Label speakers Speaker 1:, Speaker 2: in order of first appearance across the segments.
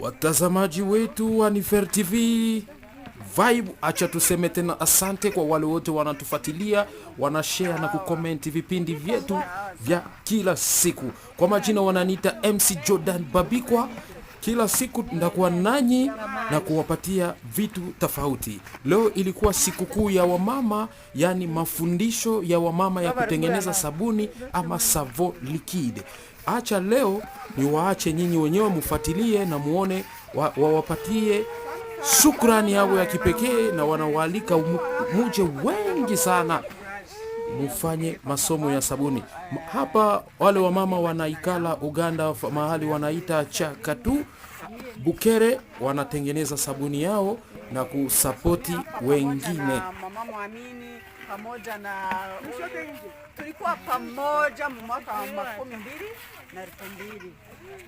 Speaker 1: watazamaji wetu wa Nifer TV Vibe, acha tuseme tena asante kwa wale wote wanatufuatilia, wanashare na kukomenti vipindi vyetu vya kila siku. Kwa majina wananiita MC Jordan Babikwa. Kila siku ndakuwa nanyi na kuwapatia vitu tofauti. Leo ilikuwa sikukuu ya wamama, yani mafundisho ya wamama ya kutengeneza sabuni ama savo liquide acha leo ni waache nyinyi wenyewe mfuatilie na muone, wawapatie wa shukrani yao ya kipekee, na wanawaalika muje wengi sana mufanye masomo ya sabuni hapa. Wale wamama wanaikala Uganda mahali wanaita chakatu Bukere, wanatengeneza sabuni yao na kusapoti wengine. Mwamini pamoja na tulikuwa pamoja mwaka wa makumi mbili na elfu mbili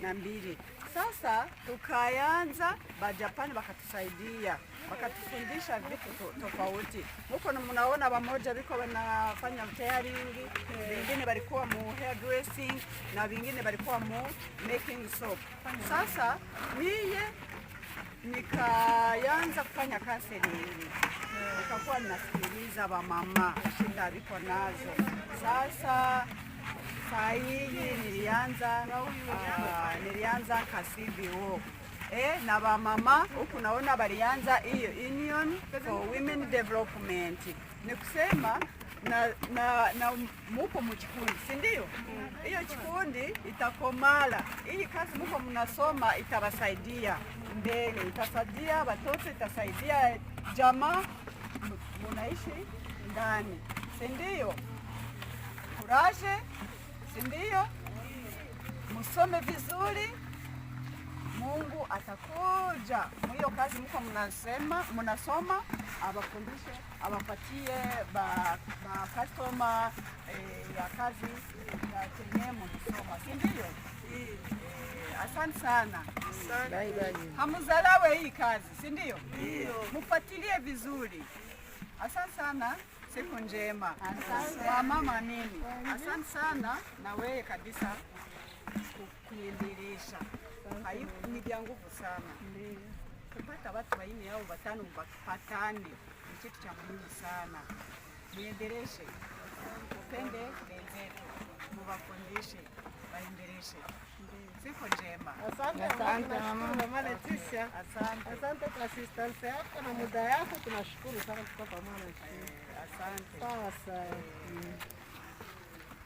Speaker 1: na mbili. Sasa tukayanza bajapani bakatusaidia bakatufundisha vitu tofauti. Huko mnaona wamoja viko wanafanya tailoring, vingine balikuwa mu hair dressing na vingine balikuwa mu making soap. Sasa mie nikaanza kufanya counseling, nikakuwa ninasikiliza wamama shida aliko nazo. Sasa saa hii nilianza uh, nilianza kasibo eh, na wamama huku naona walianza hiyo Union for Women Development, nikusema na, na, na muko muchikundi sindio? Hiyo chikundi itakomala ili kazi muko mnasoma itabasaidia mbele, itasaidia watoto, itasaidia jamaa munaishi ndani sindiyo Kuraje sindio? Musome vizuri atakuja mwiyo hiyo kazi mko mnasema mnasoma, abafundishe abapatie ba, ba customer eh, ya kazi ya chenye mnasoma, si ndio? Eh, asante sana. Bye Hamuzalawe hii kazi, si ndio? Mufatilie vizuri. Asante sana. Siku njema kwa mama nini. Asante sana na wewe kabisa kuendelesha haifu ni vya nguvu sana. Kupata watu waine au watano mpatane ni kitu cha muhimu sana. Niendeleshe upende wenzetu, mubafundishe waendeleshe siku njema. Asante kwa asistansi yako na muda yako, tunashukuru sana, tuko pamoja. Eh, asante. Eh.